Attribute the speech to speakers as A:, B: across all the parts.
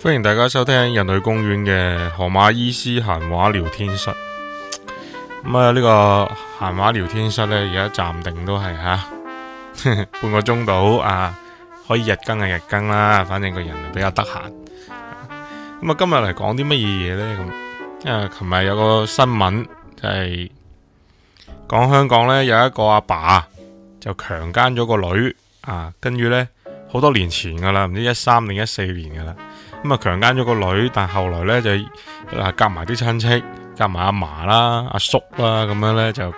A: 歡迎大家收聽《人類公園》嘅河馬醫師閒話聊天室。咁啊，呢個閒話聊天室呢，而家暫定都係吓。 半個鐘到啊，可以日更係日更啦，反正個人比較得閒。咁啊，今日嚟講啲乜嘢嘢咧？咁、啊，因為琴日有個新聞就係、是、講香港呢有一個阿爸，爸就強姦咗個女啊，跟住呢，好多年前噶啦，唔知一三定一四年噶啦，咁啊強姦咗個女，但後來呢就嗱，夾埋啲親戚，夾埋阿嫲啦、阿叔啦，咁樣呢，就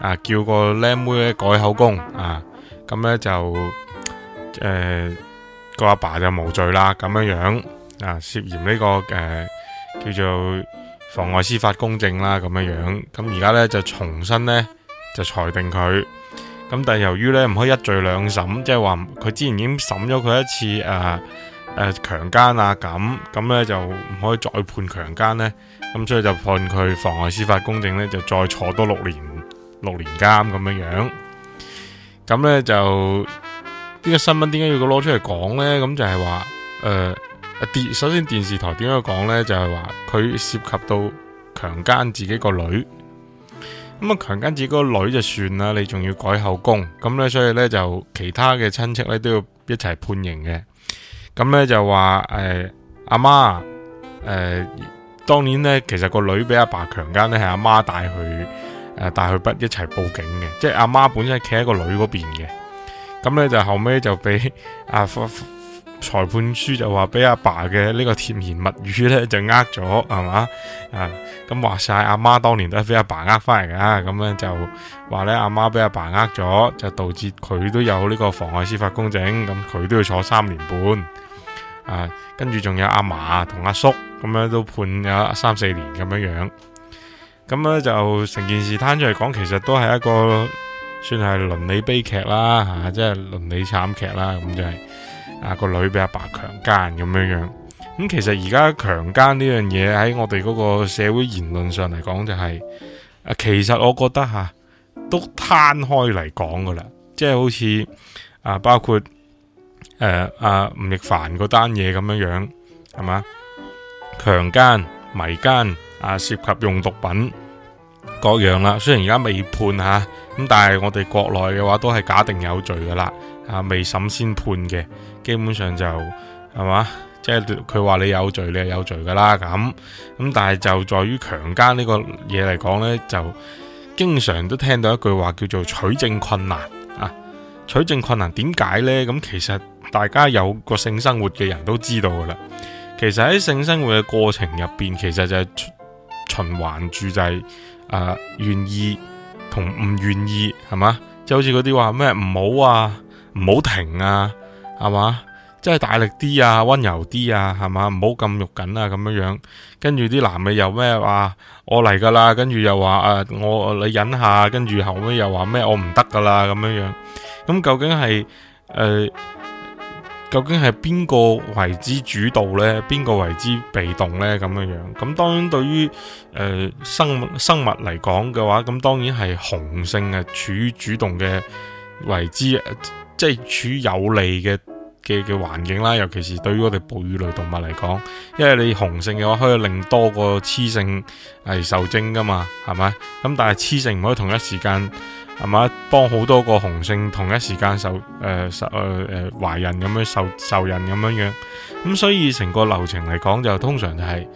A: 啊叫個靚妹咧改口供啊。咁呢就誒個阿爸就無罪啦，咁樣樣啊涉嫌呢、這個誒、呃、叫做妨礙司法公正啦，咁樣樣。咁而家呢就重新呢就裁定佢。咁但係由於呢唔可以一罪兩審，即係話佢之前已經審咗佢一次誒強奸啊咁，咁、呃、呢、呃、就唔可以再判強奸呢。咁所以就判佢妨礙司法公正呢，就再坐多六年六年監咁樣樣。咁呢就，呢個新聞點解要攞出嚟講呢？咁就係話，誒，電，首先電視台點樣講呢就係話佢涉及到強姦自己個女，咁啊，強姦自己個女就算啦，你仲要改口供，咁呢所以呢就其他嘅親戚呢都要一齊判刑嘅，咁呢就話誒阿媽，誒、呃呃、當年呢其實個女俾阿爸強姦呢係阿媽帶去。誒，帶佢不一齊報警嘅，即係阿媽本身係企喺個女嗰邊嘅，咁呢，就後尾就俾阿裁判書就話俾阿爸嘅呢個甜言蜜語呢，就呃咗，係嘛？啊，咁話晒阿媽當年都係俾阿爸呃翻嚟噶，咁呢，就話呢，阿媽俾阿爸呃咗，就導致佢都有呢個妨礙司法公正，咁佢都要坐三年半。啊，跟住仲有阿嫲同阿叔咁樣都判咗三四年咁樣樣。咁咧就成件事攤出嚟講，其實都係一個算係倫理悲劇啦，吓、啊，即係倫理慘劇啦，咁就係、是、啊，個女俾阿爸強姦咁樣樣。咁、啊、其實而家強姦呢樣嘢喺我哋嗰個社會言論上嚟講、就是，就係啊，其實我覺得吓、啊、都攤開嚟講噶啦，即、就、係、是、好似啊，包括誒阿吳亦凡嗰單嘢咁樣樣，係嘛，強姦迷姦。啊，涉及用毒品各樣啦，雖然而家未判吓，咁但係我哋國內嘅話都係假定有罪噶啦，啊未審先判嘅，基本上就係嘛，即係佢話你有罪，你係有罪噶啦咁，咁但係就在於強姦呢個嘢嚟講呢，就經常都聽到一句話叫做取證困難啊，取證困難點解呢？咁其實大家有個性生活嘅人都知道噶啦，其實喺性生活嘅過程入邊，其實就係、是。循環住就係誒，願意同唔願意係嘛？即係好似嗰啲話咩唔好啊，唔好停啊，係嘛？即係大力啲啊，溫柔啲啊，係嘛？唔好咁肉緊啊，咁樣樣。跟住啲男嘅又咩話我嚟噶啦？跟住又話誒我，你忍下，跟住後尾又話咩我唔得噶啦咁樣樣。咁究竟係誒？呃究竟係邊個為之主導呢？邊個為之被動呢？咁樣樣咁，當然對於誒生生物嚟講嘅話，咁當然係雄性係處於主動嘅為之，呃，即係處有利嘅嘅嘅環境啦。尤其是對於我哋哺乳類動物嚟講，因為你雄性嘅話可以令多個雌性係受精噶嘛，係咪？咁但係雌性唔可以同一時間。係嘛，幫好多個雄性同一時間受誒、呃、受誒誒懷孕咁樣受受孕咁樣樣，咁所以成個流程嚟講就通常就係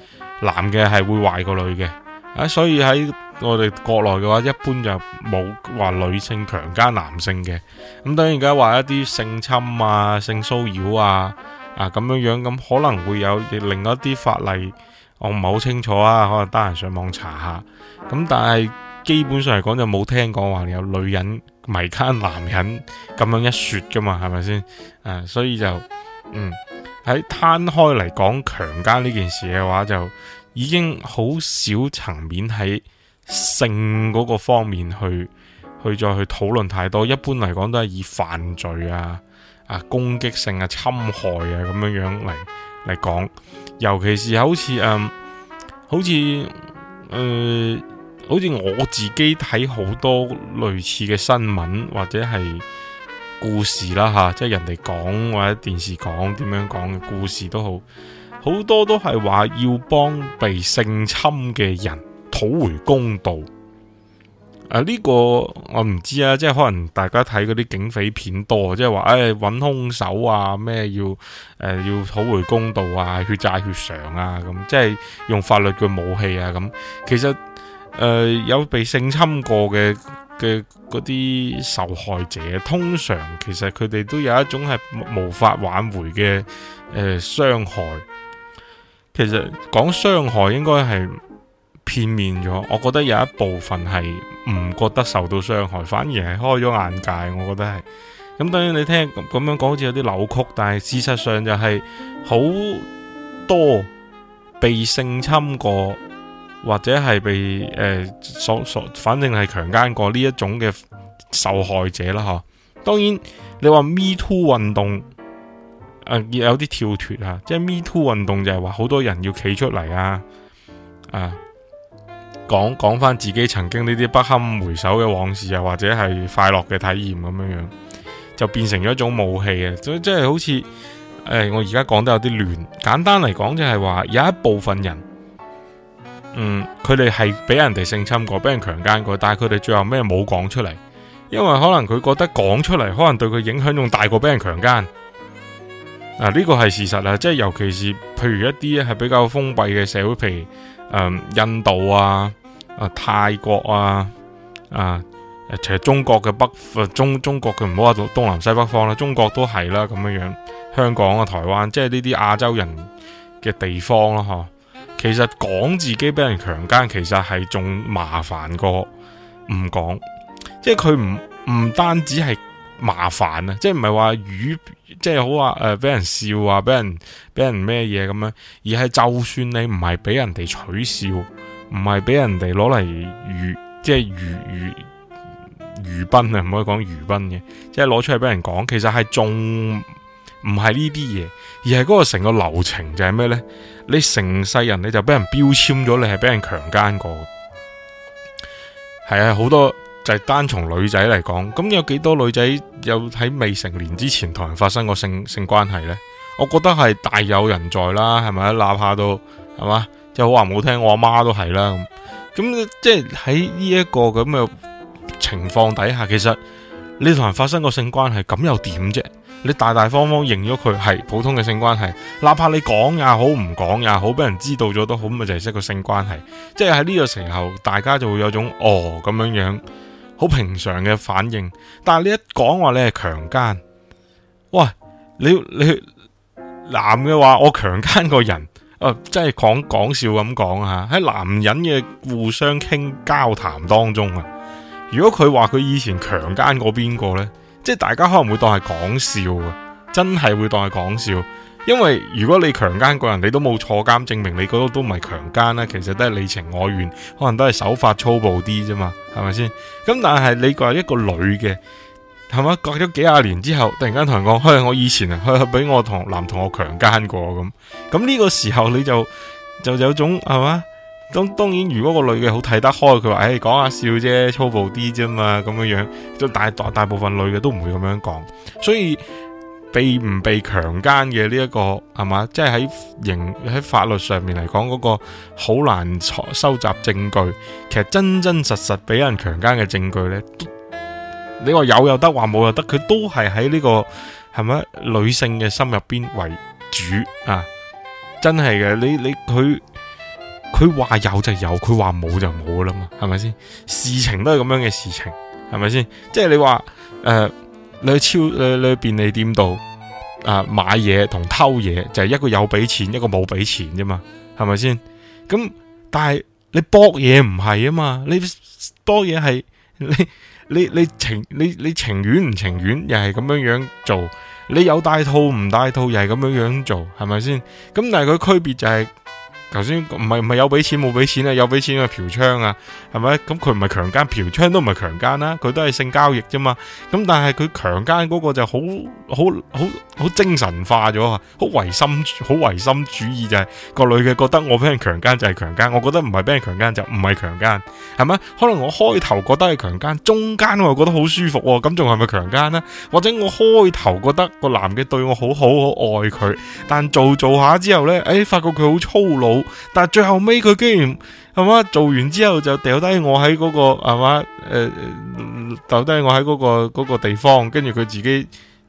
A: 男嘅係會壞過女嘅，啊所以喺我哋國內嘅話，一般就冇話女性強姦男性嘅。咁當然而家話一啲性侵啊、性騷擾啊啊咁樣樣，咁可能會有另一啲法例，我唔係好清楚啊，可能得閒上網查下，咁但係。基本上嚟講就冇聽講話有女人迷奸男人咁樣一說噶嘛，係咪先？誒，所以就嗯喺攤開嚟講強姦呢件事嘅話，就已經好少層面喺性嗰個方面去去再去討論太多。一般嚟講都係以犯罪啊、啊攻擊性啊、侵害啊咁樣樣嚟嚟講，尤其是好似嗯，好似誒。嗯好似我自己睇好多類似嘅新聞或者係故事啦吓、啊，即係人哋講或者電視講點樣講嘅故事都好，好多都係話要幫被性侵嘅人討回公道。啊呢個我唔知啊，即係可能大家睇嗰啲警匪片多，即係話誒揾凶手啊咩要誒、呃、要討回公道啊，血債血償啊咁，即係用法律嘅武器啊咁，其實。誒、呃，有被性侵過嘅嘅嗰啲受害者，通常其實佢哋都有一種係無法挽回嘅誒傷害。其實講傷害應該係片面咗，我覺得有一部分係唔覺得受到傷害，反而係開咗眼界。我覺得係，咁當然你聽咁樣講好似有啲扭曲，但係事實上就係、是、好多被性侵過。或者係被誒、呃、所所，反正係強姦過呢一種嘅受害者啦，吓。當然你話 Me Too 運動誒，啊、也有啲跳脫啊，即係 Me Too 運動就係話好多人要企出嚟啊，啊，講講翻自己曾經呢啲不堪回首嘅往事啊，或者係快樂嘅體驗咁樣樣，就變成咗一種武器啊！所以即即係好似誒、哎，我而家講得有啲亂。簡單嚟講就係話，有一部分人。嗯，佢哋係俾人哋性侵過，俾人強姦過，但係佢哋最後咩冇講出嚟，因為可能佢覺得講出嚟可能對佢影響仲大過俾人強姦。啊，呢個係事實啊，即係尤其是譬如一啲係比較封閉嘅社會，譬如、嗯、印度啊、啊泰國啊、啊其實中國嘅北、啊、中中國佢唔好話到東南西北方啦，中國都係啦咁樣樣，香港啊、台灣，即係呢啲亞洲人嘅地方咯，其實講自己俾人強姦，就是呃，其實係仲麻煩過唔講，即係佢唔唔單止係麻煩啊，即係唔係話娛，即係好話誒俾人笑啊，俾人俾人咩嘢咁樣，而係就算你唔係俾人哋取笑，唔係俾人哋攞嚟娛，即係娛娛娛賓啊，唔可以講娛賓嘅，即係攞出嚟俾人講，其實係仲。唔係呢啲嘢，而係嗰個成個流程就係咩呢？你成世人你就俾人標籤咗，你係俾人強奸過的。係啊，好多就係單從女仔嚟講，咁有幾多女仔有喺未成年之前同人發生過性性關係呢？我覺得係大有人在啦，係咪？哪怕到係嘛，即係好話唔好聽，我阿媽都係啦。咁咁即係喺呢一個咁嘅情況底下，其實你同人發生過性關係，咁又點啫？你大大方方認咗佢係普通嘅性關係，哪怕你講也好，唔講也好，俾人知道咗都好，咪就係一個性關係。即係喺呢個時候，大家就會有種哦咁樣樣，好平常嘅反應。但係你一講話你係強姦，喂，你你男嘅話我強姦個人，誒、呃，即係講講笑咁講啊，喺男人嘅互相傾交談當中啊，如果佢話佢以前強姦過邊個呢？即係大家可能會當係講笑啊，真係會當係講笑。因為如果你強姦過人，你都冇坐監，證明你嗰度都唔係強姦咧。其實都係你情我願，可能都係手法粗暴啲啫嘛，係咪先？咁但係你話一個女嘅，係嘛？隔咗幾廿年之後，突然間同人講，哎，我以前啊，佢俾我同男同學強姦過咁。咁呢個時候你就就有種係嘛？是當當然，如果個女嘅好睇得開，佢話誒，講下笑啫，粗暴啲啫嘛，咁樣樣。就大大部分女嘅都唔會咁樣講，所以被唔被強姦嘅呢一個係嘛，即係喺刑喺法律上面嚟講，嗰、嗰個好難收集證據。其實真真實實俾人強姦嘅證據呢，你話有又得有，話冇又得，佢都係喺呢個係咪女性嘅心入邊為主啊！真係嘅，你你佢。佢話有就有，佢話冇就冇噶啦嘛，係咪先？事情都係咁樣嘅事情，係咪先？即係你話誒，你去超你你去便利店度啊、呃、買嘢同偷嘢就係、是、一個有俾錢，一個冇俾錢啫嘛，係咪先？咁但係你博嘢唔係啊嘛，你多嘢係你你你情你你情願唔情願又係咁樣樣做，你有帶套唔帶套又係咁樣樣做，係咪先？咁但係佢區別就係、是。頭先唔係唔係有俾錢冇俾錢啊？有俾錢啊？嫖娼啊？係咪？咁佢唔係強姦，嫖娼強姦都唔係強姦啦，佢都係性交易啫嘛。咁但係佢強姦嗰個就好好好好精神化咗啊，好唯心好唯心主義就係、是、個女嘅覺得我俾人強姦就係強姦，我覺得唔係俾人強姦就唔係強姦，係咪？可能我開頭覺得係強姦，中間我又覺得好舒服、哦，咁仲係咪強姦呢？或者我開頭覺得個男嘅對我好好好愛佢，但做做下之後呢，誒、欸、發覺佢好粗魯。但係最後尾，佢居然係嘛，做完之後就掉低我喺嗰、嗰個係嘛，誒掉低我喺嗰、嗰個、嗰個地方，跟住佢自己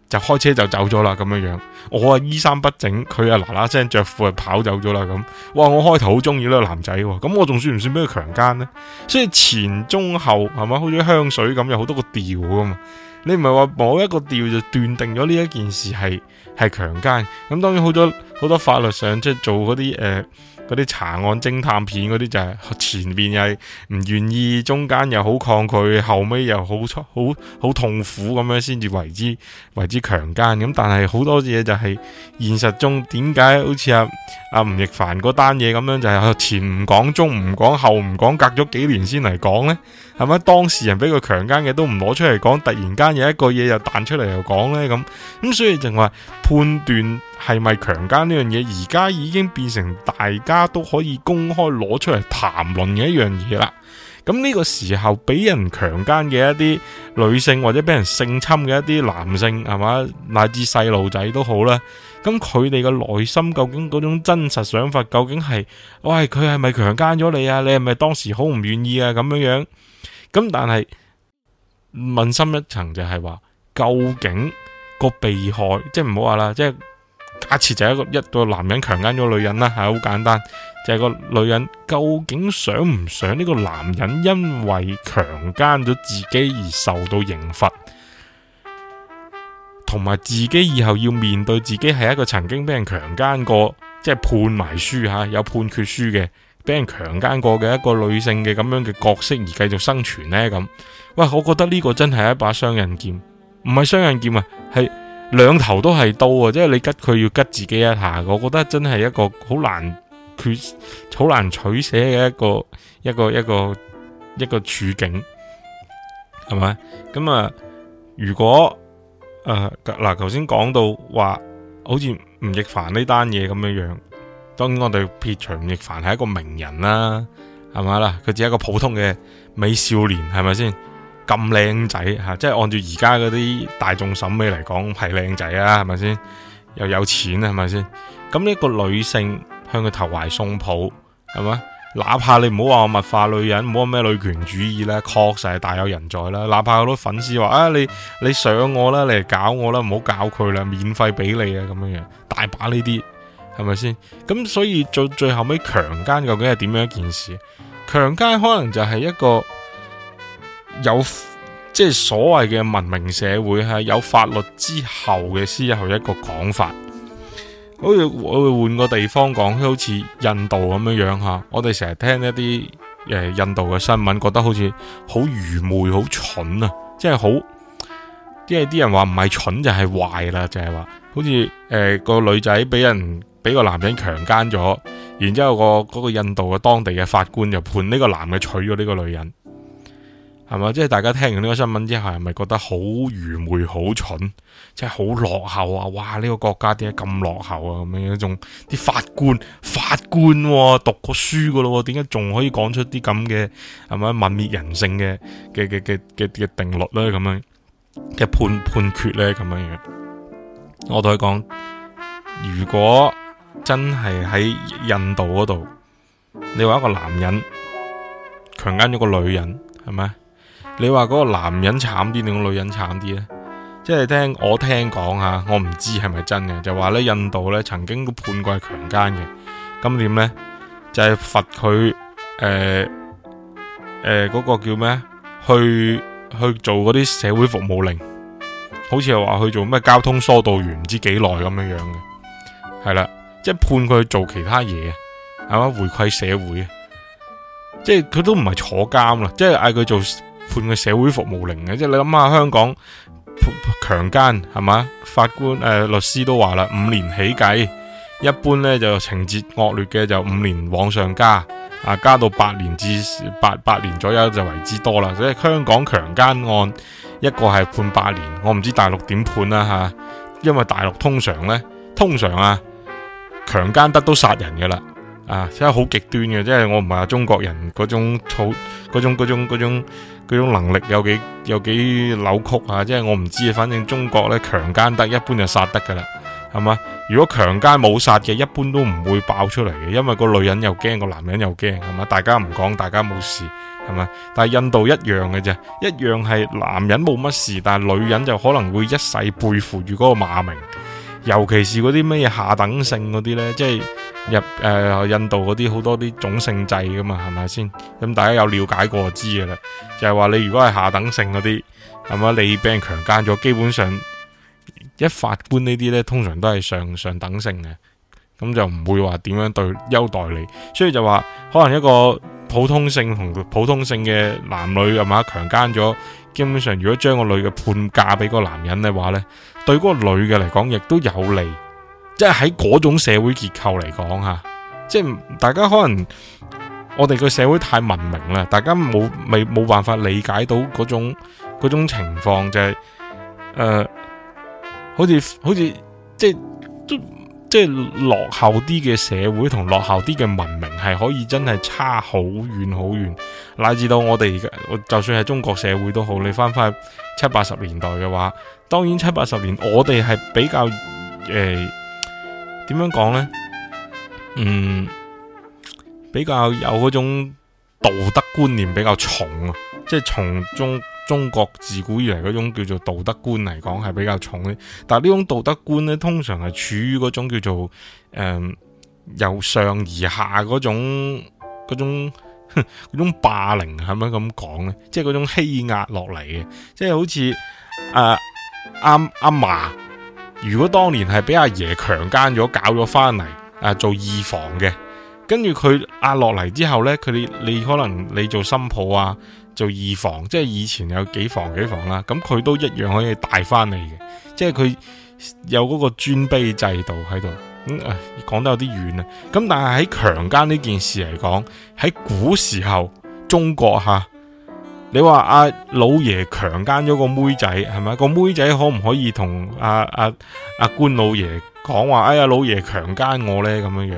A: 就開車就走咗啦咁樣樣。我啊衣衫不整，佢啊嗱嗱聲着褲啊跑走咗啦咁。哇！我開頭好中意呢個男仔喎，咁我仲算唔算俾佢強姦呢？所以前中後係嘛，好似香水咁有好多個調噶嘛。你唔係話某一個調就斷定咗呢一件事係係強姦。咁當然好多好多法律上即係做嗰啲誒。呃嗰啲查案偵探片嗰啲就係前面又係唔願意，中間又好抗拒，後尾又好好好痛苦咁樣先至為之為之強姦咁，但係好多嘢就係現實中點解好似阿阿吳亦凡嗰單嘢咁樣就係前唔講，中唔講，後唔講，隔咗幾年先嚟講呢？係咪當事人俾佢強姦嘅都唔攞出嚟講，突然間有一個嘢又彈出嚟又講呢？咁咁，所以就話判斷係咪強姦呢樣嘢，而家已經變成大家都可以公開攞出嚟談論嘅一樣嘢啦。咁呢個時候俾人強姦嘅一啲女性或者俾人性侵嘅一啲男性，係嘛，乃至細路仔都好啦。咁佢哋嘅內心究竟嗰種真實想法，究竟係，喂，佢係咪強姦咗你啊？你係咪當時好唔願意啊？咁樣樣。咁但係問深一層就係話，究竟個被害即係唔好話啦，即係假設就係一個一個男人強姦咗女人啦，係好簡單，就係、是、個女人究竟想唔想呢個男人因為強姦咗自己而受到刑罰，同埋自己以後要面對自己係一個曾經俾人強姦過，即係判埋書吓，有判決書嘅。俾人強姦過嘅一個女性嘅咁樣嘅角色而繼續生存呢？咁，喂，我覺得呢個真係一把雙刃劍，唔係雙刃劍啊，係兩頭都係刀啊！即係你吉佢要吉自己一下，我覺得真係一個好難決、好難取捨嘅一個、一個、一個、一個處境，係咪？咁啊，如果誒嗱，頭先講到話，好似吳亦凡呢單嘢咁樣樣。當然我哋撇除吳亦凡係一個名人啦、啊，係咪啦？佢只係一個普通嘅美少年，係咪先，咁靚仔嚇？即係按照而家嗰啲大眾審美嚟講係靚仔啊，係咪先？又有錢啊，係咪先？咁一個女性向佢投懷送抱，係咪？哪怕你唔好話我物化女人，唔好話咩女權主義咧，確實係大有人在啦。哪怕好多粉絲話啊，你你上我啦，你嚟搞我啦，唔好搞佢啦，免費俾你啊咁樣樣，大把呢啲。係咪先？咁所以做最，最後尾強姦究竟係點樣一件事？強姦可能就係一個有即係所謂嘅文明社會吓，係有法律之後嘅之後一個講法。好似我，會我會換個地方講，好似印度咁樣樣吓，我哋成日聽一啲誒、呃、印度嘅新聞，覺得好似好愚昧、好蠢啊！即係好，即係啲人話唔係蠢就係壞啦，就係話好似誒個女仔俾人。俾個男人強奸咗，然之後個個印度嘅當地嘅法官就判呢個男嘅娶咗呢個女人，係嘛？即係大家聽完呢個新聞之後，係咪覺得好愚昧、好蠢，即係好落後啊？哇！呢、這個國家點解咁落後啊？咁樣仲啲法官法官、哦、讀過書噶咯？點解仲可以講出啲咁嘅係咪泯滅人性嘅嘅嘅嘅嘅定律呢？咁樣嘅判判決咧？咁樣樣，我同佢講如果。真係喺印度嗰度，你話一個男人強姦咗個女人，係咪？你話嗰個男人慘啲定個女人慘啲咧？即係聽我聽講吓，我唔知係咪真嘅，就話呢，印度呢曾經都判過係強姦嘅，咁點呢？就係罰佢誒嗰個叫咩去去做嗰啲社會服務令，好似係話去做咩交通疏導員，唔知幾耐咁樣樣嘅，係啦。即係判佢做其他嘢，係嘛？回饋社會，即係佢都唔係坐監啦，即係嗌佢做判佢社會服務令嘅。即係你諗下香港強姦係嘛？法官誒、呃、律師都話啦，五年起計，一般呢就情節惡劣嘅就五年往上加，啊加到八年至八八年左右就為之多啦。所以香港強姦案一個係判八年，我唔知大陸點判啦、啊、吓、啊，因為大陸通常呢，通常啊。強姦得都殺人嘅啦，啊，真係好極端嘅，即係我唔係話中國人嗰種嗰種嗰種種種能力有幾有幾扭曲啊！即係我唔知，反正中國呢強姦得一般就殺得嘅啦，係嘛？如果強姦冇殺嘅，一般都唔會爆出嚟嘅，因為個女人又驚，個男人又驚，係嘛？大家唔講，大家冇事，係嘛？但係印度一樣嘅啫，一樣係男人冇乜事，但係女人就可能會一世背負住嗰個罵名。尤其是嗰啲咩嘢下等性嗰啲呢？即係入誒、呃、印度嗰啲好多啲種姓制噶嘛，係咪先？咁大家有了解過就知㗎喇，就係話你如果係下等性嗰啲，係咪你俾人強姦咗，基本上一法官呢啲呢，通常都係上上等性嘅，咁就唔會話點樣對優待你，所以就話可能一個普通性同普通性嘅男女係咪強姦咗？基本上，如果將個女嘅，判嫁俾嗰個男人嘅話呢，對嗰個女嘅嚟講亦都有利，即係喺嗰種社會結構嚟講吓，即係大家可能我哋個社會太文明啦，大家冇未冇辦法理解到嗰種嗰種情況，就係、是呃、好似好似即即係落後啲嘅社會同落後啲嘅文明係可以真係差好遠好遠，乃至到我哋而家，就算係中國社會都好，你翻翻去七八十年代嘅話，當然七八十年我哋係比較誒，點、呃、樣講呢？嗯，比較有嗰種道德觀念比較重啊，即係從中。中國自古以嚟嗰種叫做道德觀嚟講係比較重咧，但係呢種道德觀咧通常係處於嗰種叫做誒、呃、由上而下嗰種嗰種嗰種霸凌係咪咁講咧？即係嗰種欺壓落嚟嘅，即、就、係、係、好似阿阿阿嫲，如果當年係俾阿爺強姦咗搞咗翻嚟啊做二房嘅，跟住佢壓落嚟之後呢，佢你你可能你做新抱啊？做二房，即係以前有幾房幾房啦，咁佢都一樣可以帶翻嚟嘅，即係佢有嗰個尊卑制度喺度。咁、嗯、講得有啲遠啊，咁但係喺強姦呢件事嚟講，喺古時候中國吓、啊，你話阿、啊、老爺強姦咗個妹仔係咪？個妹仔可唔可以同阿阿阿官老爺講話？哎呀，老爺強姦我呢咁樣樣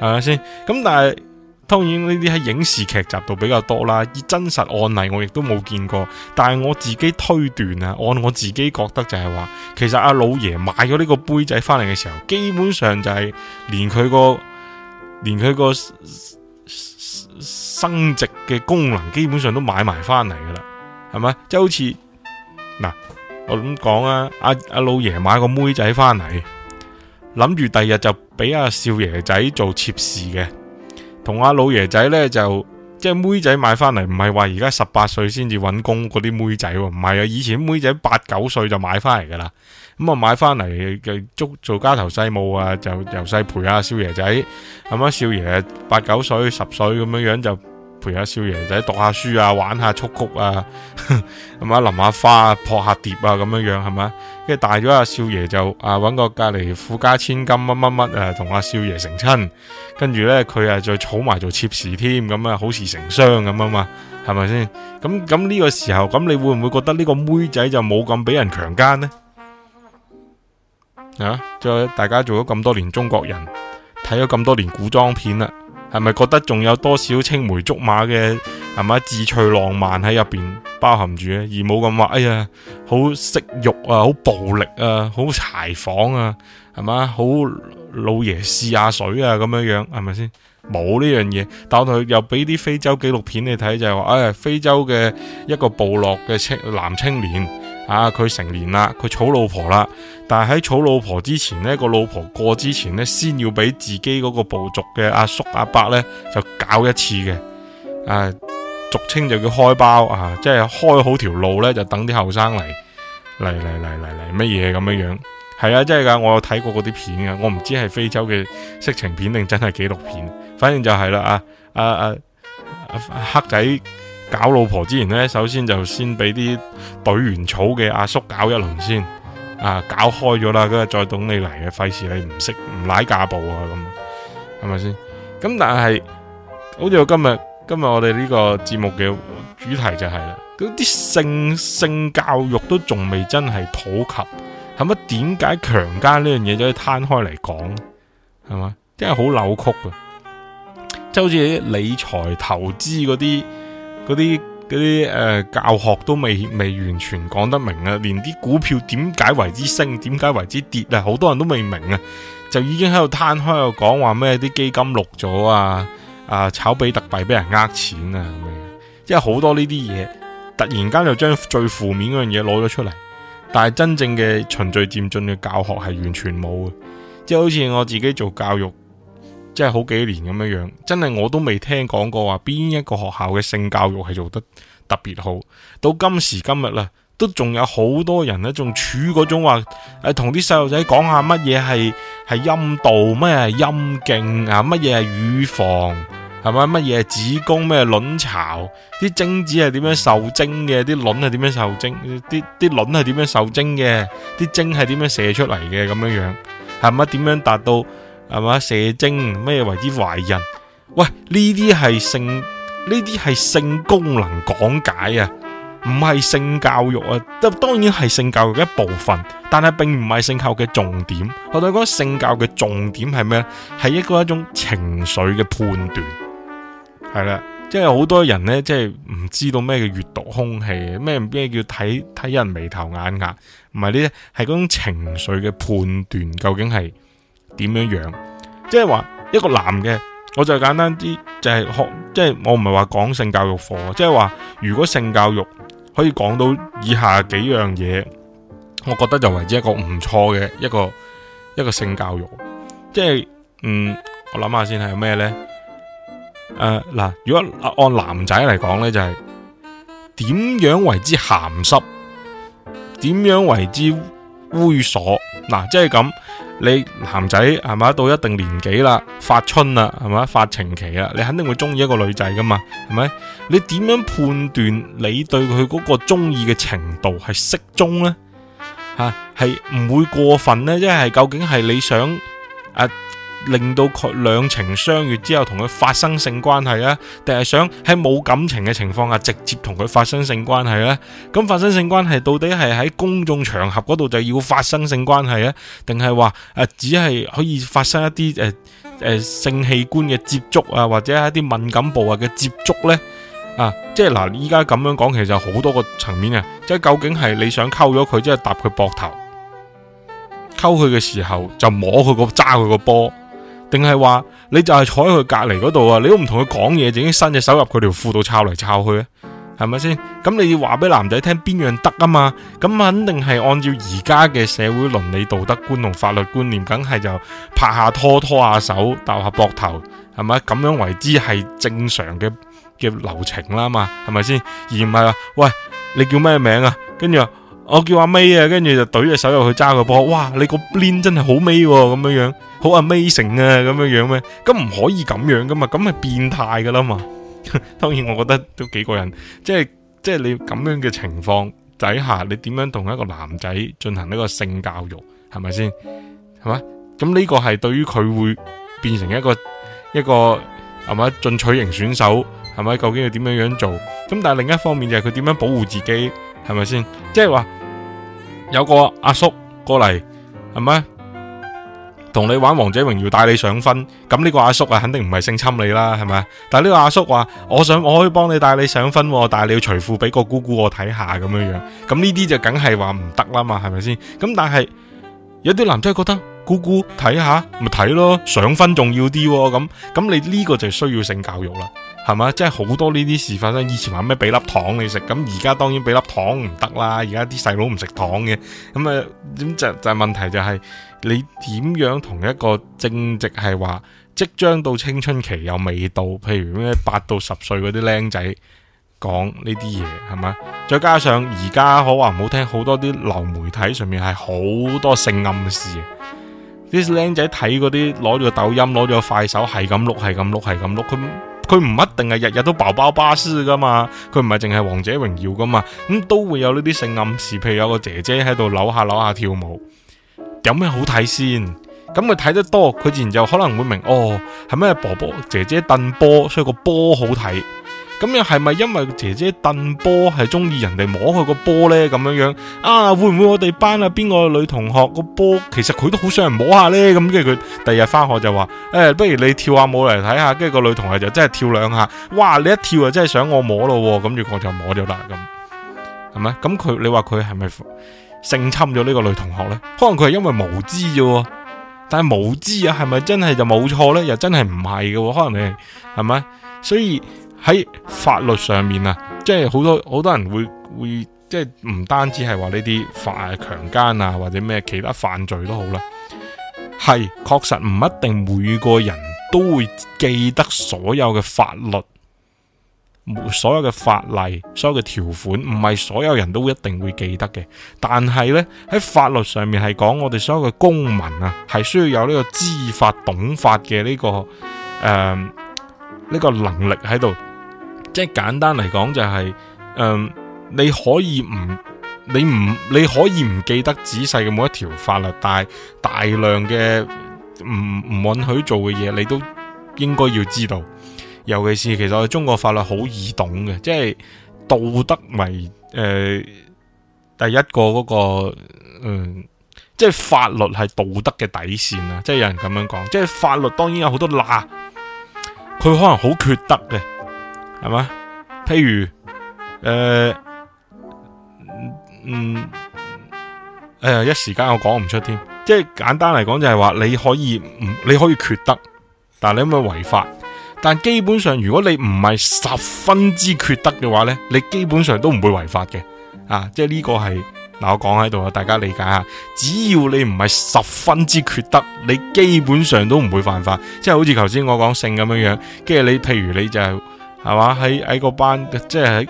A: 係咪先？咁但係。當然呢啲喺影視劇集度比較多啦，以真實案例我亦都冇見過，但係我自己推斷啊，按我，我自己覺得就係話，其實阿老爺買咗呢個杯仔翻嚟嘅時候，基本上就係連佢個連佢個生殖嘅功能基本上都買埋翻嚟噶啦，係咪？即好似嗱，我咁講啊，阿、啊、阿老爺買個妹仔翻嚟，諗住第二日就俾阿少爺仔做妾侍嘅。同阿老爺仔呢，就即係妹仔買翻嚟，唔係話而家十八歲先至搵工嗰啲妹仔喎，唔係啊，以前妹仔八九歲就買翻嚟噶啦，咁啊買翻嚟嘅做做家頭細務啊，就由細陪阿少爺仔，咁阿少爺八九歲十歲咁樣樣就。陪阿少爺仔讀下書啊，玩下蹴鞠啊，咁啊淋下花啊，撲下蝶啊，咁樣樣係咪啊？跟住大咗阿少爺就啊，搵個隔籬富家千金乜乜乜啊，同阿少爺成親，跟住呢，佢啊再儲埋做妾侍添，咁啊好事成雙咁啊嘛，係咪先？咁咁呢個時候，咁你會唔會覺得呢個妹仔就冇咁俾人強姦呢？啊！再大家做咗咁多年中國人，睇咗咁多年古裝片啦。係咪覺得仲有多少青梅竹馬嘅，係嘛，稚趣浪漫喺入邊包含住呢？而冇咁話，哎呀，好色欲啊，好暴力啊，好柴房啊，係嘛，好老爺試下水啊咁樣樣，係咪先？冇呢樣嘢，但係佢又俾啲非洲紀錄片你睇，就係、是、話，哎呀，非洲嘅一個部落嘅青男青年。啊！佢成年啦，佢娶老婆啦，但係喺娶老婆之前呢，個老婆過之前呢，先要俾自己嗰個部族嘅阿、啊、叔阿伯呢就搞一次嘅，啊，俗稱就叫開包啊，即係開好條路呢，就等啲後生嚟嚟嚟嚟嚟乜嘢咁樣樣，係啊，真係㗎，我有睇過嗰啲片㗎，我唔知係非洲嘅色情片定真係紀錄片，反正就係啦，啊，啊，啊黑仔。搞老婆之前呢，首先就先俾啲懟完草嘅阿叔，叔搞一輪先，啊搞開咗啦，跟住再等你嚟嘅，費事你唔識唔拉架步啊咁，係咪先？咁但係，好似我今日今日我哋呢個節目嘅主題就係、是、啦，嗰啲性性教育都仲未真係普及，係乜點解強奸呢樣嘢就可以攤開嚟講？係嘛，真係好扭曲啊！即係好似啲理財投資嗰啲。嗰啲嗰啲誒教學都未未完全講得明啊，連啲股票點解為之升，點解為之跌啊，好多人都未明啊，就已經喺度攤開度講話咩啲基金錄咗啊，啊炒比特幣俾人呃錢啊，咁樣，即係好多呢啲嘢突然間就將最負面嗰樣嘢攞咗出嚟，但係真正嘅循序漸進嘅教學係完全冇嘅，即係好似我自己做教育。即係好幾年咁樣樣，真係我都未聽講過話邊一個學校嘅性教育係做得特別好。到今時今日啦，都仲有好多人咧，仲處嗰種話，誒、啊，同啲細路仔講下乜嘢係係陰道，乜嘢係陰莖啊，乜嘢係乳房，係咪？乜嘢係子宮，咩卵巢，啲精子係點樣受精嘅，啲卵係點樣受精，啲啲卵係點樣受精嘅，啲精係點樣射出嚟嘅咁樣樣，係咪？點樣達到？係嘛，射精咩為之懷孕？喂，呢啲係性，呢啲係性功能講解啊，唔係性教育啊。當然係性教育嘅一部分，但係並唔係性教育嘅重點。我哋講性教育嘅重點係咩？係一個一種情緒嘅判斷，係啦。即係好多人呢，即係唔知道咩叫閱讀空氣，咩咩叫睇睇人眉頭眼額，唔係呢？係嗰種情緒嘅判斷，究竟係？點樣樣？即係話一個男嘅，我就簡單啲，就係、是、學，即、就、係、是、我唔係話講性教育課，即係話如果性教育可以講到以下幾樣嘢，我覺得就為之一個唔錯嘅一個一個性教育。即、就、係、是、嗯，我諗下先係咩呢？誒、呃、嗱，如果按男仔嚟講呢，就係、是、點樣為之鹹濕？點樣為之猥瑣？嗱，即係咁。就是這你男仔係咪到一定年紀啦，發春啦，係咪？發情期啦，你肯定會中意一個女仔噶嘛，係咪？你點樣判斷你對佢嗰個中意嘅程度係適中呢？吓、啊，係唔會過分呢？即係究竟係你想啊？令到佢兩情相悅之後，同佢發生性關係咧，定係想喺冇感情嘅情況下直接同佢發生性關係咧？咁發生性關係到底係喺公眾場合嗰度就要發生性關係咧，定係話誒只係可以發生一啲誒誒性器官嘅接觸啊，或者一啲敏感部位嘅接觸呢？啊，即係嗱，依家咁樣講，其實好多個層面啊。即係究竟係你想溝咗佢，即係搭佢膊頭溝佢嘅時候就摸佢個，揸佢個波。定係話你就係坐喺佢隔離嗰度啊？你都唔同佢講嘢，就已經伸隻手入佢條褲度抄嚟抄去啊，係咪先？咁你要話俾男仔聽邊樣得啊嘛？咁肯定係按照而家嘅社會倫理道德觀同法律觀念，梗係就拍下拖，拖下手，搭下膊頭，係咪咁樣為之係正常嘅嘅流程啦嘛？係咪先？而唔係話，喂，你叫咩名啊？跟住我叫阿 May 啊，跟住就懟隻手入去揸個波，哇！你個 blin 真係好 May 咁樣樣，好 amazing 啊咁樣樣咩？咁唔可以咁樣噶嘛？咁係變態噶啦嘛？ 當然我覺得都幾過癮，即係即係你咁樣嘅情況底下，你點樣同一個男仔進行呢個性教育係咪先？係嘛？咁呢個係對於佢會變成一個一個係咪進取型選手？係咪？究竟要點樣樣做？咁但係另一方面就係佢點樣保護自己？係咪先？即係話有個阿叔過嚟，係咪？同你玩王者榮耀帶你上分，咁呢個阿叔啊，肯定唔係性侵你啦，係咪？但係呢個阿叔話，我想我可以幫你帶你上分喎，但係你要除褲俾個姑姑我睇下咁樣樣，咁呢啲就梗係話唔得啦嘛，係咪先？咁但係有啲男仔覺得姑姑睇下咪睇咯，上分重要啲喎，咁咁你呢個就需要性教育啦。係嘛，即係好多呢啲事發生。以前話咩俾粒糖你食，咁而家當然俾粒糖唔得啦。而家啲細佬唔食糖嘅，咁啊，就就就問題就係、是、你點樣同一個正值係話即將到青春期又未到，譬如咩八到十歲嗰啲僆仔講呢啲嘢，係嘛？再加上而家好話唔好聽，好多啲流媒體上面係好多性暗示，啲僆仔睇嗰啲攞咗個抖音，攞咗個快手，係咁碌，係咁碌，係咁碌，佢。佢唔一定係日日都爆爆巴士噶嘛，佢唔係淨係王者榮耀噶嘛，咁、嗯、都會有呢啲性暗示，譬如有個姐姐喺度扭下扭下跳舞，有咩好睇先？咁佢睇得多，佢自然就可能會明哦，係咩？波波姐姐掟波，所以個波好睇。咁又係咪因為姐姐掟波係中意人哋摸佢個波呢？咁樣樣啊？會唔會我哋班啊邊個女同學個波，其實佢都好想人摸下呢。咁，跟住佢第日翻學就話誒、欸，不如你跳下舞嚟睇下，跟住個女同學就真係跳兩下，哇！你一跳就真係想我摸咯、哦，咁住我就摸咗啦，咁係咪？咁佢你話佢係咪性侵咗呢個女同學呢？可能佢係因為無知啫，但係無知啊，係咪真係就冇錯呢，又真係唔係嘅，可能你係咪？所以。喺法律上面啊，即係好多好多人會會即係唔單止係話呢啲犯強姦啊或者咩其他犯罪都好啦，係確實唔一定每個人都會記得所有嘅法律，所有嘅法例，所有嘅條款，唔係所有人都一定會記得嘅。但係呢，喺法律上面係講我哋所有嘅公民啊，係需要有呢個知法懂法嘅呢個誒呢個能力喺度。即係簡單嚟講就係、是，誒、嗯，你可以唔你唔你可以唔記得仔細嘅每一條法律，但係大量嘅唔唔允許做嘅嘢，你都應該要知道。尤其是其實我哋中國法律好易懂嘅，即係道德為，誒、呃，第一個嗰、那個，嗯，即係法律係道德嘅底線啦。即係有人咁樣講，即係法律當然有好多罅，佢可能好缺德嘅。係嘛？譬如誒、呃，嗯誒、哎，一時間我講唔出添。即係簡單嚟講，就係話你可以，你可以缺德，但係你唔會違法。但基本上，如果你唔係十分之缺德嘅話呢，你基本上都唔會違法嘅。啊，即係呢個係嗱，我講喺度啊，大家理解下，只要你唔係十分之缺德，你基本上都唔會犯法。即係好似頭先我講性咁樣樣，跟住你譬如你就係。係嘛？喺喺個班，即係，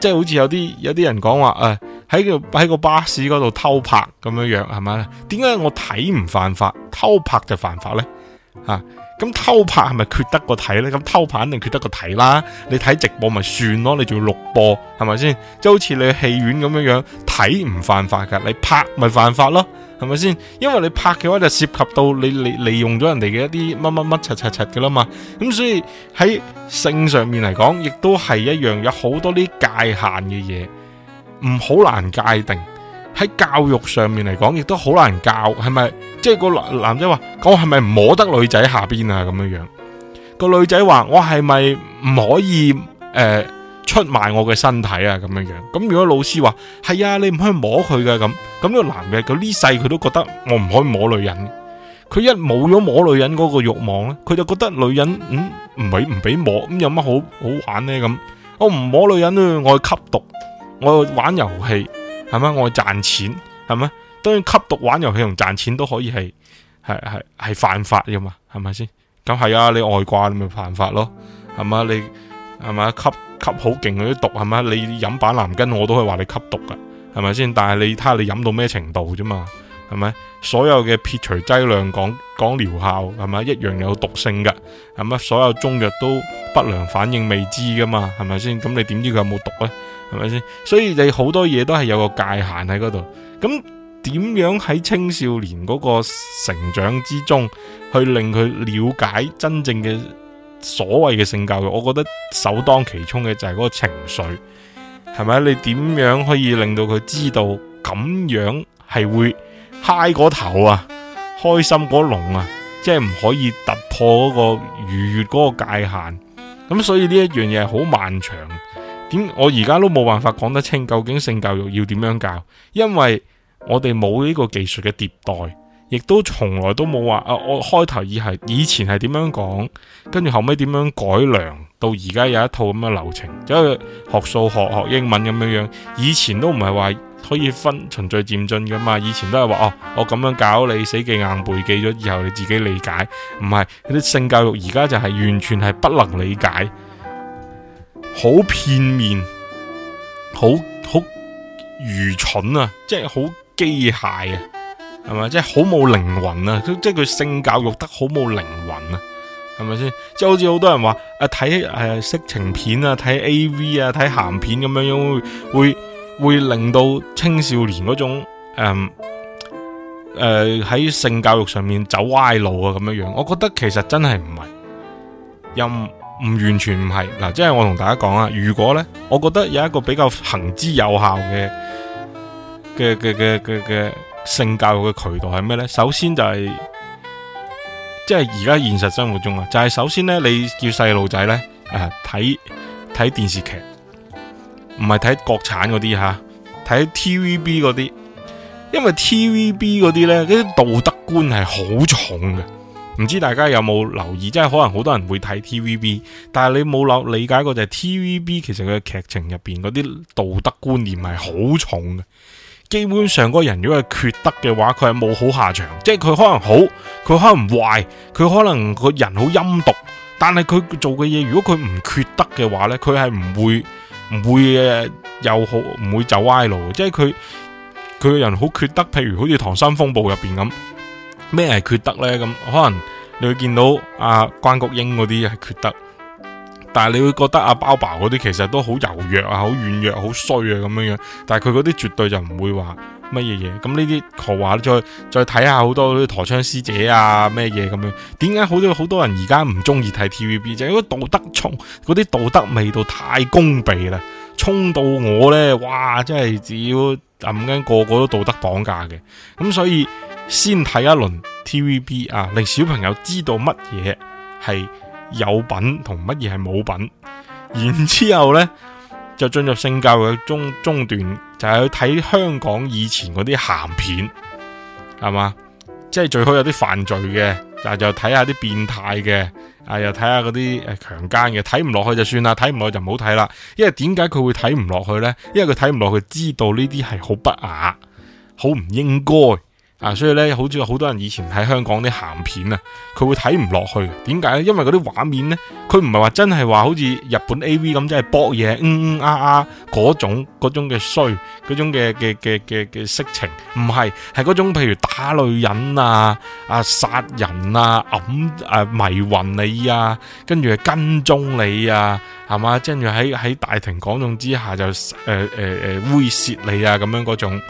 A: 即係好似有啲有啲人講話啊，喺度喺個巴士嗰度偷拍咁樣樣，係咪？點解我睇唔犯法，偷拍就犯法咧？吓、啊，咁偷拍係咪缺德個睇咧？咁偷拍肯定缺德個睇啦，你睇直播咪算咯，你仲要錄播，係咪先？即係好似你戲院咁樣樣，睇唔犯法噶，你拍咪犯法咯。係咪先？因為你拍嘅話就涉及到你利利用咗人哋嘅一啲乜乜乜、柒柒柒嘅啦嘛。咁所以喺性上面嚟講，亦都係一樣有好多啲界限嘅嘢，唔好難界定。喺教育上面嚟講，亦都好難教，係咪？即係個男仔話：我係咪唔摸得女仔下邊啊？咁樣樣，個女仔話：我係咪唔可以誒？呃出賣我嘅身體啊，咁樣樣。咁如果老師話係啊，你唔可以摸佢嘅咁，咁呢個男嘅佢呢世佢都覺得我唔可以摸女人。佢一冇咗摸女人嗰個欲望咧，佢就覺得女人嗯唔俾唔俾摸咁有乜好好玩呢？咁。我唔摸女人啊，我吸毒，我玩遊戲係咪？我賺錢係咪？當然吸毒、玩遊戲同賺錢都可以係係係犯法嘅嘛，係咪先？咁係啊，你外掛你咪犯法咯，係咪？你？係咪吸吸好勁佢啲毒係咪？你飲板藍根我都可以話你吸毒噶，係咪先？但係你睇下你飲到咩程度啫嘛，係咪？所有嘅撇除劑量講講療效係咪？一樣有毒性噶，係咪？所有中藥都不良反應未知噶嘛，係咪先？咁你點知佢有冇毒呢？係咪先？所以你好多嘢都係有個界限喺嗰度。咁點樣喺青少年嗰個成長之中，去令佢了解真正嘅？所謂嘅性教育，我覺得首當其衝嘅就係嗰個情緒，係咪？你點樣可以令到佢知道咁樣係會嗨過頭啊，開心過龍啊，即係唔可以突破嗰個愉悦嗰個界限？咁所以呢一樣嘢係好漫長。點我而家都冇辦法講得清究竟性教育要點樣教，因為我哋冇呢個技術嘅迭代。亦都從來都冇話啊！我開頭以係以前係點樣講，跟住後尾點樣改良，到而家有一套咁嘅流程，就係學數學、學英文咁樣樣。以前都唔係話可以分循序漸進噶嘛，以前都係話哦，我咁樣搞你，你死記硬背記咗，以後你自己理解。唔係嗰啲性教育，而家就係完全係不能理解，好片面，好好愚蠢啊！即係好機械啊！係咪即係好冇靈魂啊？即係佢性教育得好冇靈魂啊？係咪先？即係好似好多人話啊，睇誒、啊、色情片啊，睇 A V 啊，睇鹹片咁樣樣，會會令到青少年嗰種誒誒喺性教育上面走歪路啊？咁樣樣，我覺得其實真係唔係，又唔完全唔係嗱。即係我同大家講啊，如果呢，我覺得有一個比較行之有效嘅嘅嘅嘅嘅。性教育嘅渠道係咩呢？首先就係即係而家現實生活中啊，就係、是、首先呢，你叫細路仔呢，誒睇睇電視劇，唔係睇國產嗰啲吓，睇 TVB 嗰啲，因為 TVB 嗰啲呢，嗰啲道德觀係好重嘅，唔知大家有冇留意？即係可能好多人會睇 TVB，但係你冇留理解過就係、是、TVB 其實佢嘅劇情入邊嗰啲道德觀念係好重嘅。基本上嗰個人如果係缺德嘅話，佢係冇好下場，即係佢可能好，佢可能壞，佢可能個人好陰毒，但係佢做嘅嘢如果佢唔缺德嘅話呢，佢係唔會唔會又好唔會走歪路的，即係佢佢個人好缺德，譬如好似《唐山風暴》入邊咁咩係缺德呢？咁可能你會見到阿、啊、關菊英嗰啲係缺德。但係你會覺得阿包爸嗰啲其實都好柔弱啊，好軟弱，好衰啊咁樣樣。但係佢嗰啲絕對就唔會話乜嘢嘢。咁呢啲豪話再再睇下好多啲陀槍師姐啊咩嘢咁樣。點解好多好多人而家唔中意睇 TVB 就因為道德沖嗰啲道德味道太攻鼻啦，沖到我呢，哇，真係只要諗緊個個都道德綁架嘅。咁所以先睇一輪 TVB 啊，令小朋友知道乜嘢係。有品同乜嘢係冇品？然之後呢就進入性教育中中段，就係去睇香港以前嗰啲鹹片，係嘛？即係最好有啲犯罪嘅，就睇下啲變態嘅，啊又睇下嗰啲誒強姦嘅，睇唔落去就算啦，睇唔落就唔好睇啦。因為點解佢會睇唔落去呢？因為佢睇唔落去就知道呢啲係好不雅，好唔應該。啊，所以咧，好似好多人以前喺香港啲咸片啊，佢會睇唔落去。點解咧？因為嗰啲畫面咧，佢唔係話真係話好似日本 A.V. 咁，即係搏嘢，嗯嗯啊啊嗰、啊、種嗰種嘅衰，嗰種嘅嘅嘅嘅嘅色情，唔係，係嗰種譬如打女人啊、啊殺人啊、揞啊迷魂你啊，跟住跟蹤你啊，係嘛？跟住喺喺大庭廣眾之下就誒誒誒猥褻你啊，咁樣嗰種。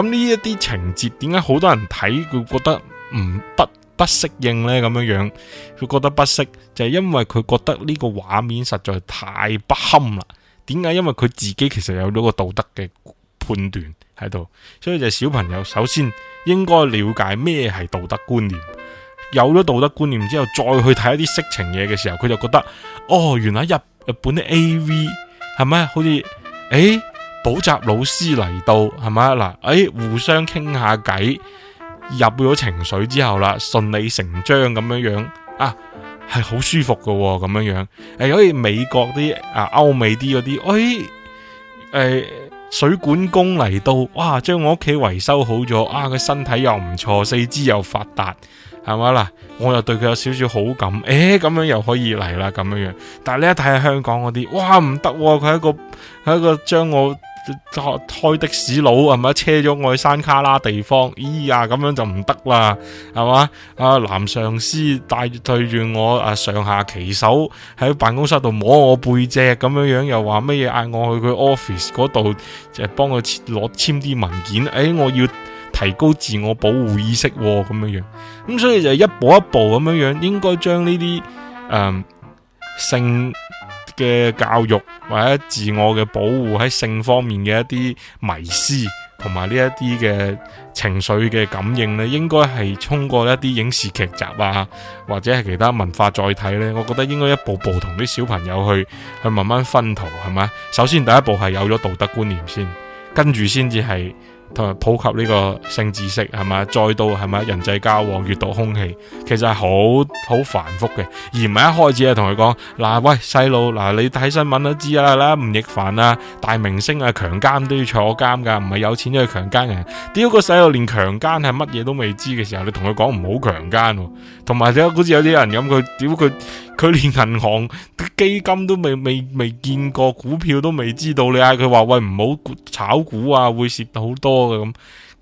A: 咁呢一啲情節，點解好多人睇佢，覺得唔不不適應呢？咁樣樣佢覺得不適，就係、是，因為佢覺得呢個畫面實在太不堪啦。點解？因為佢自己其實有咗個道德嘅判斷喺度，所以就係小朋友首先應該了解咩係道德觀念。有咗道德觀念之後，再去睇一啲色情嘢嘅時候，佢就覺得哦，原來日日本 A V 係咪好似誒。欸，補習老師嚟到，係咪啊嗱？誒，互相傾下偈，入咗情緒之後啦，順理成章咁樣樣啊，係好舒服㗎、哦，咁樣樣誒，好、欸、似美國啲啊，歐美啲嗰啲，誒、欸，誒、欸，水管工嚟到，哇，將我屋企維修好咗，啊，佢身體又唔錯，四肢又發達，係咪啊嗱？我又對佢有少少好感，誒、欸，咁樣又可以嚟啦，咁樣樣。但係你一睇下香港嗰啲，哇，唔得、啊，佢係一個佢係一個將我。開的士佬係咪？車咗我去山卡拉的地方，咦、哎、呀，咁樣就唔得啦，係嘛？啊，男上司帶帶住我啊，上下其手喺辦公室度摸我背脊，咁樣樣又話乜嘢？嗌我去佢 office 嗰度，就幫佢攞簽啲文件。誒、哎，我要提高自我保護意識，咁樣樣。咁所以就一步一步咁樣樣，應該將呢啲誒性。嘅教育或者自我嘅保護喺性方面嘅一啲迷思，同埋呢一啲嘅情緒嘅感應呢，應該係通過一啲影視劇集啊，或者係其他文化載體呢，我覺得應該一步步同啲小朋友去去慢慢分圖，係咪？首先第一步係有咗道德觀念先，跟住先至係。同埋普及呢個性知識係嘛？再到係咪人際交往、閲讀空氣，其實係好好繁複嘅，而唔係一開始就同佢講嗱，喂細路嗱，你睇新聞都知啦啦，吳亦凡啊大明星啊強姦都要坐監㗎，唔係有錢都要強姦人，屌個細路連強姦係乜嘢都未知嘅時候，你同佢講唔好強姦啊，同埋好似有啲人咁，佢屌佢。佢連銀行啲基金都未未未見過，股票都未知道。你嗌佢話喂，唔好炒股啊，會蝕好多嘅咁。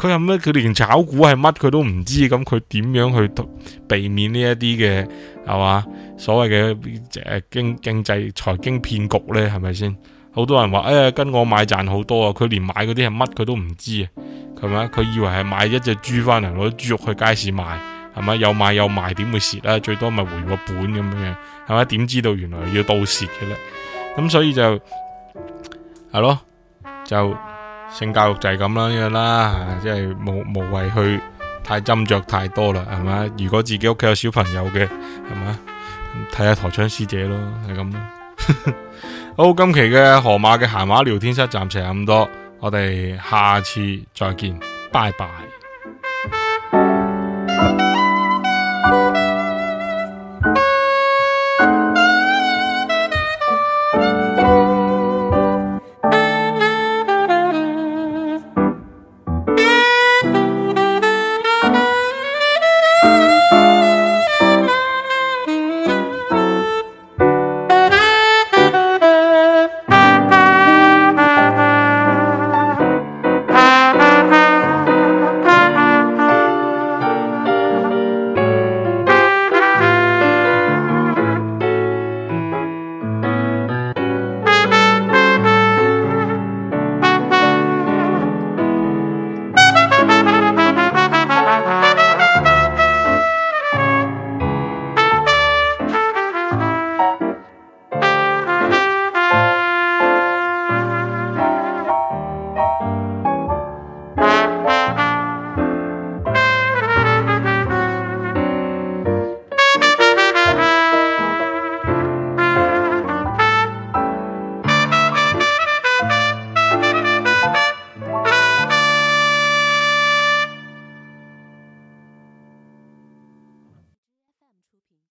A: 佢係咩？佢連炒股係乜佢都唔知。咁佢點樣去避免呢一啲嘅係嘛？所謂嘅誒經經濟財經騙局呢，係咪先？好多人話誒、欸，跟我買賺好多啊。佢連買嗰啲係乜佢都唔知啊，係嘛？佢以為係買一隻豬翻嚟攞豬肉去街市賣。係咪又買又賣，點會蝕啦？最多咪回個本咁樣樣，係咪？點知道原來要倒蝕嘅咧？咁所以就係咯，就性教育就係咁啦，咁樣啦，即係無無謂去太斟酌太多啦，係咪？如果自己屋企有小朋友嘅，係咪？睇下陀槍師姐咯，係咁咯。 好，今期嘅河馬嘅閒話聊天室暫時係咁多，我哋下次再見，拜拜。